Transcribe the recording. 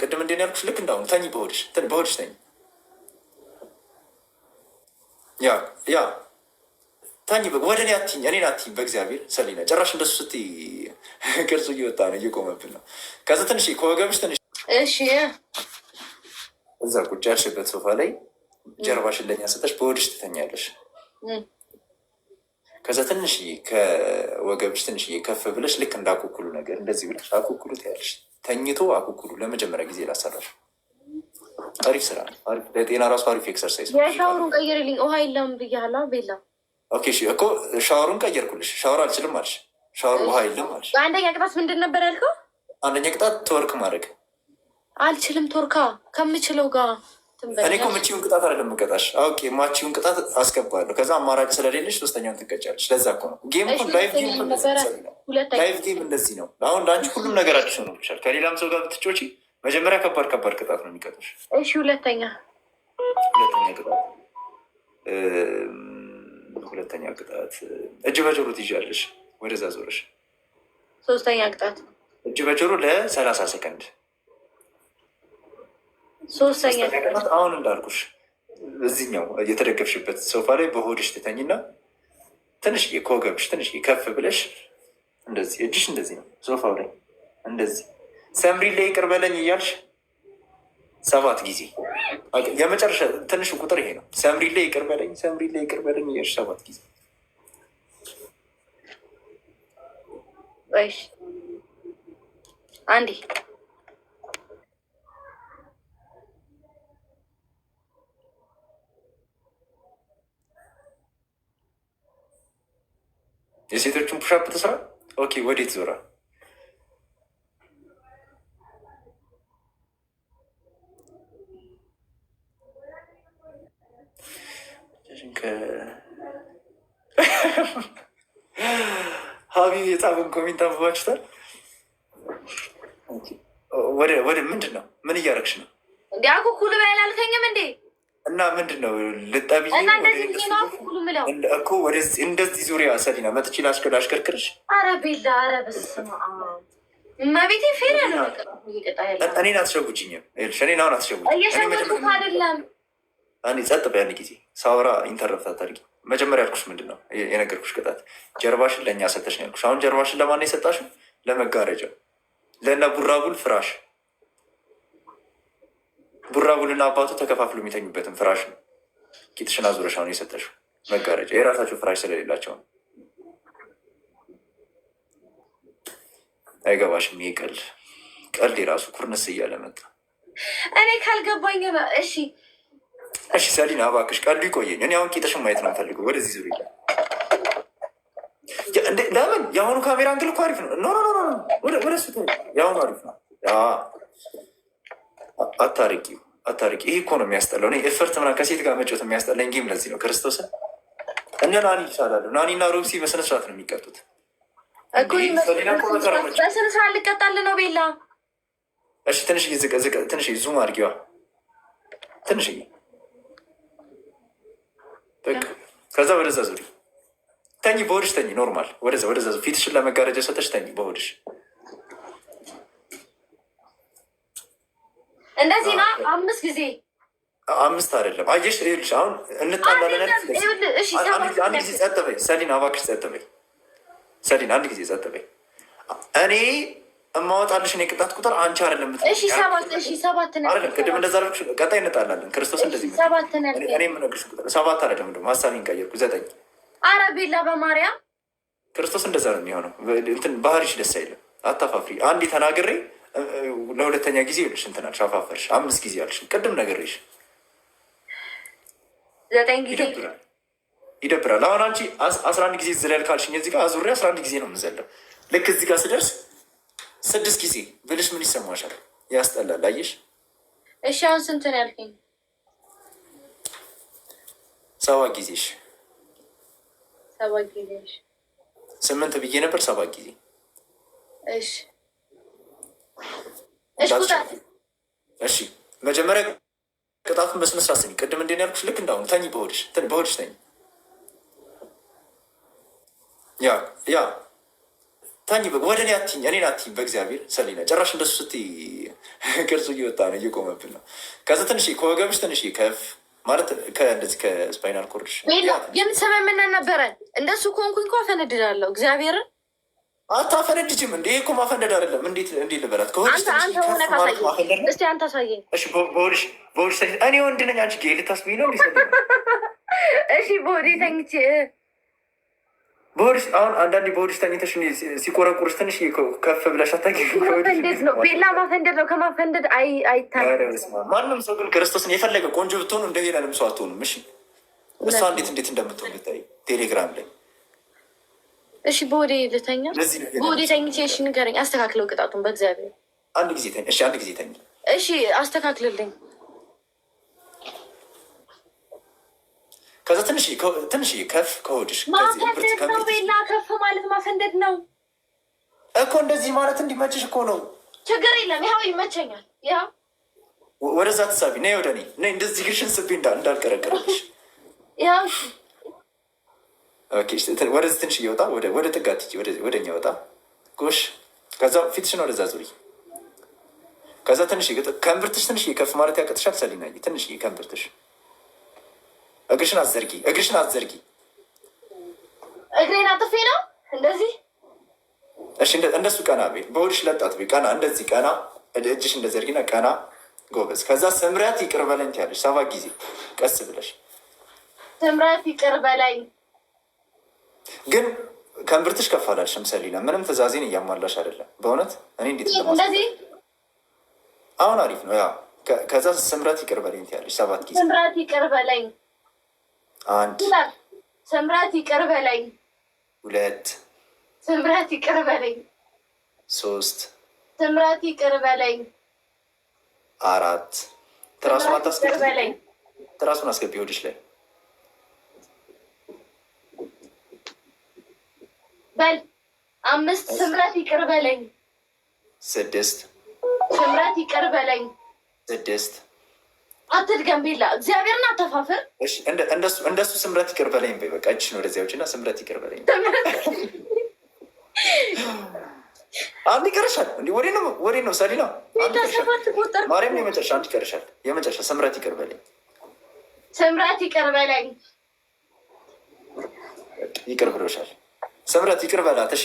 ቅድም እንዴን ያልኩሽ ልክ እንዳሁኑ ተኝ፣ በሆድሽ በሆድሽ ተኝ፣ ያ ያ ተኝ፣ ወደ እኔ አትኝ፣ እኔን አትኝ፣ በእግዚአብሔር ሰሊና ጭራሽ እንደሱ ስትይ ቅርጹ እየወጣ ነው፣ እየቆመብን ነው። ከዚ ትንሽ ከወገብሽ ትንሽ እሺ፣ እዛ ቁጭ ያልሽበት ሶፋ ላይ ጀርባሽን ለኛ ሰጠሽ፣ በሆድሽ ትተኛለሽ። ከዛ ትንሽ ከወገብሽ ትንሽ ከፍ ብለሽ ልክ እንዳኩኩሉ ነገር እንደዚህ ብለሽ አኩኩሉ ትያለሽ። ተኝቶ አኩኩሉ ለመጀመሪያ ጊዜ ላሰራሽ። አሪፍ ስራ፣ ለጤና ራሱ አሪፍ ኤክሰርሳይዝ። ሻወሩን ቀይርልኝ፣ ውሃ የለም ብያላ ቤላ እኮ ሻወሩን ቀየርኩልሽ። ሻወር አልችልም አልሽ፣ ሻወር ውሃ የለም አልሽ። አንደኛ ቅጣት ምንድን ነበር ያልከው? አንደኛ ቅጣት ትወርክ ማድረግ አልችልም፣ ቶርካ ከምችለው ጋር እኔ እኮ ምቺውን ቅጣት አይደለም ቀጣሽ። ኦኬ ማቺውን ቅጣት አስገባለሁ። ከዛ አማራጭ ስለሌለሽ ሶስተኛውን ትቀጫለሽ። ለዛ እኮ ነው ጌም ላይቭ ጌም እንደዚህ ነው። አሁን ለአንቺ ሁሉም ነገራችሁ ሰው ነው ብቻል። ከሌላም ሰው ጋር ብትጮቺ መጀመሪያ ከባድ ከባድ ቅጣት ነው የሚቀጡሽ። እሺ ሁለተኛ ሁለተኛ ቅጣት ሁለተኛ ቅጣት እጅ በጆሮ ትይዣለሽ፣ ወደዛ ዞረሽ። ሶስተኛ ቅጣት እጅ በጆሮ ለሰላሳ ሰከንድ ሶስተኛ አሁን እንዳልኩሽ እዚህኛው እየተደገፍሽበት ሶፋ ላይ በሆድሽ ትተኝና ትንሽ ከወገብሽ ትንሽ ከፍ ብለሽ እንደዚህ እጅሽ እንደዚህ ነው ሶፋው ላይ እንደዚህ ሰምሪ ላይ ይቅር በለኝ እያልሽ ሰባት ጊዜ የመጨረሻ ትንሹ ቁጥር ይሄ ነው። ሰምሪ ላይ ይቅር በለኝ፣ ሰምሪ ላይ ይቅር በለኝ እያልሽ ሰባት ጊዜ አንዴ የሴቶችን ፑሻፕ ትስራ። ኦኬ፣ ወዴት ዞራ? ሀቢ የጻፍን ኮሜንት አንብባችሁታል? ወደ ምንድን ነው? ምን እያደረግሽ ነው? እንዲ ኩልበ ያላልከኝም እንዴ እና ምንድን ነው ልጠብዬ እኮ እንደዚህ ዙሪያ ሰሊና መጥቼ ላሽከር ላሽከርክርሽ። ኧረ ቤላ ኧረ በስመ አብ እመቤቴ ፌር ያለው እኔን አትሸጉጭኝም። እኔን አሁን አትሸጉጭኝ። እየሸጉት አይደለም። እኔ ጸጥ በያን ጊዜ ሳውራ ኢንተረፍት አታድርጊ። መጀመሪያ ያልኩሽ ምንድን ነው የነገርኩሽ ቅጣት፣ ጀርባሽን ለእኛ ሰተሽ ነው ያልኩሽ። አሁን ጀርባሽን ለማን ነው የሰጣሽው? ለመጋረጃው፣ ለእነ ቡራቡል ፍራሽ ቡራ ቡራቡልና አባቱ ተከፋፍሎ የሚተኙበትን ፍራሽ ነው። ቂጥሽን አዙረሽ አሁን የሰጠሽው መጋረጃ የራሳቸው ፍራሽ ስለሌላቸው ነው። አይገባሽም። ይሄ ቀልድ ቀልድ የራሱ ኩርንስ እያለ መጣ። እኔ ካልገባኝ እሺ፣ እሺ፣ ሰሊና እባክሽ ቀልዱ ይቆየኝ። እኔ አሁን ቂጥሽን ማየት ነው የምፈልገው። ወደዚህ ዙሪ። ለምን የአሁኑ ካሜራ እንግል እኮ አሪፍ ነው። ኖ ኖ ኖ፣ ወደ ሱ የአሁኑ አሪፍ ነው። አታርቂው አታርቂ። ይህ እኮ ነው የሚያስጠላው። እኔ እፍርት ምናምን ከሴት ጋር መጮት የሚያስጠላኝ ጌም ለዚህ ነው። ክርስቶስ እነ ናኒ ይቻላሉ። ናኒ እና ሮብሲ በስነ ስርዓት ነው የሚቀጡት። በስነ ስርዓት ልቀጣልህ ነው ቤላ። እሺ ትንሽ ትንሽ ዙም አድርጊዋ ትንሽ ከዛ ወደዛ ዙሪ ተኝ፣ በሆድሽ ተኝ። ኖርማል ወደዛ ወደዛ ፊትሽን ለመጋረጃ ሰተሽ ተኝ በሆድሽ እንደዚህ ና አምስት ጊዜ አምስት አይደለም። አየሽ ይኸውልሽ፣ አሁን እንጣላለን። ጊዜ ጸጥ በይ ሰሊን፣ አባክሽ ጸጥ በይ ሰሊን፣ አንድ ጊዜ ጸጥ በይ። እኔ እማወጣልሽ እኔ ቅጣት ቁጥር አንቺ አይደለም። ቅድም እንደዛ አልኩሽ። ቀጣይ እንጣላለን። ክርስቶስ እንደዚህ እኔ የምነግርሽ ቁጥር ሰባት አይደለም። እንደውም ሀሳቤን ቀየርኩ፣ ዘጠኝ። ኧረ ቤላ በማርያም ክርስቶስ እንደዛ ነው የሚሆነው። እንትን ባህሪሽ ደስ አይልም። አታፋፍሪ። አንዴ ተናግሬ ለሁለተኛ ጊዜ ይኸውልሽ እንትን አልሽ፣ አምስት ጊዜ አልሽ፣ ቅድም ነገርሽ ዘጠኝ ጊዜ ይደብራል። አሁን አንቺ አስራ አንድ ጊዜ ዝለል ካልሽኝ እዚህ ጋር አዙሬ አስራ አንድ ጊዜ ነው የምዘለው። ልክ እዚህ ጋር ስደርስ ስድስት ጊዜ ብልሽ ምን ይሰማሻል? ያስጠላል። አየሽ? እሺ አሁን ስንት ነው ያልከኝ? ሰባ ጊዜሽ ሰባ ጊዜሽ ስምንት ብዬ ነበር። ሰባት ጊዜ እሺ እሺ መጀመሪያ ቅጣቱን በስነ ስኝ። ቅድም እንዴት ያልኩሽ? ልክ እንዳሁኑ ተኝ፣ በሆድሽ በሆድሽ ተኝ። ያ ያ ታኝ ወደ እኔ አትኝ፣ እኔን አትኝ። በእግዚአብሔር ሰሊና ጨራሽ እንደሱ ስትይ ቅርጹ እየወጣ ነው፣ እየቆመብን ነው። ከዚ ትንሽ ከወገብሽ ትንሽ ከፍ ማለት እንደዚህ ከስፓይናል ኮርድሽ ግን ሰመምና ነበረን። እንደሱ ከሆንኩኝ እኮ ፈነድዳለሁ እግዚአብሔርን አታፈነድጅም እንዴ? እኮ ማፈንደድ አይደለም። እንዴት እንዴት ልበላት? እኔ ወንድ ነኝ። አንቺ ጌ ልታስቢ ነው። እሺ በሆዴ ተኝቼ በሆድሽ አሁን አንዳንዴ በሆድሽ ተኝተሽ ሲቆረቁርሽ ትንሽ ከፍ ብለሽ ማፈንደድ ነው። ቤላ ማፈንደድ ነው። ከማፈንደድ አይታይም። ማንም ሰው ግን ክርስቶስን የፈለገ ቆንጆ ብትሆኑ እንደ ሌላ ልምሰው አትሆኑም። እሺ እሷ እንዴት እንዴት እንደምትሆን ብታይ ቴሌግራም ላይ እሺ፣ በወዴ ልተኛ በወዴ ተኝቼ፣ እሺ ንገረኝ፣ አስተካክለው ቅጣቱን በእግዚአብሔር አንድ ጊዜ ተኝ። እሺ፣ አንድ ጊዜ ተኝ። እሺ፣ አስተካክልልኝ። ከዛ ትንሽ ትንሽ ከፍ ከሆድሽ ማፈንደድ ነው። ቤላ ከፍ ማለት ማፈንደድ ነው እኮ እንደዚህ ማለት እንዲመችሽ እኮ ነው። ችግር የለም፣ ይኸው ይመቸኛል። ያ ወደዛ ትሳቢ ነ ወደ እኔ እንደዚህ ግሽን ስቢ እንዳልቀረቀረች ያው ወደ ትንሽ እየወጣ ወደ ጥጋት ወደኛ ወጣ ጎሽ። ከዛ ፊትሽን ወደዛ ዙሪ። ከዛ ትንሽ ከእምብርትሽ ትንሽ ከፍ ማለት ያቅጥሻል። ሰሊና ትንሽ ከእምብርትሽ እግርሽን አዘርጊ፣ እግርሽን አዘርጊ። እግሬን አጥፌ ነው እንደዚህ። እሺ እንደሱ ቀና ቤ በሆድሽ ለጣት ቤ ቀና፣ እንደዚህ ቀና፣ እጅሽ እንደዘርጊና ቀና። ጎበዝ። ከዛ ስምረት ይቅር በለኝ ትያለሽ ሰባት ጊዜ ቀስ ብለሽ ስምረት ይቅር በለኝ ግን ከእምብርትሽ ከፍ አላልሽም ሰሊና፣ ምንም ትእዛዜን እያሟላሽ አይደለም። በእውነት እኔ እንዴት አሁን አሪፍ ነው። ያ ከዛ ስምረት ይቅር በለኝ ትያለሽ ሰባት ጊዜ ስምረት ይቅር በለኝ፣ አንድ ስምረት ይቅር በለኝ፣ ሁለት ስምረት ይቅር በለኝ፣ ሶስት ስምረት ይቅር በለኝ፣ አራት ትራሱን አታስገቢ፣ ትራሱን አስገቢ ወዲሽ ላይ በል አምስት ስምረት ይቅር በለኝ። ስድስት ስምረት ይቅር በለኝ። ስድስት አትል ገንቤላ እግዚአብሔርን አተፋፍር። እንደሱ ስምረት ይቅር በለኝ። በቃ እጅሽ ነው ወደዚያ ውጭና ስምረት ይቅር በለኝ። አንድ ይቀርሻል። እንዲ ወዴ ነው ወዴ ነው ነው ማርያም ነው የመጨረሻ። አንድ ይቀርሻል። የመጨረሻ ስምረት ይቅር በለኝ። ስምረት ይቅር በለኝ። ይቅር ብሎሻል። ስምረት ይቅር በላት እሺ።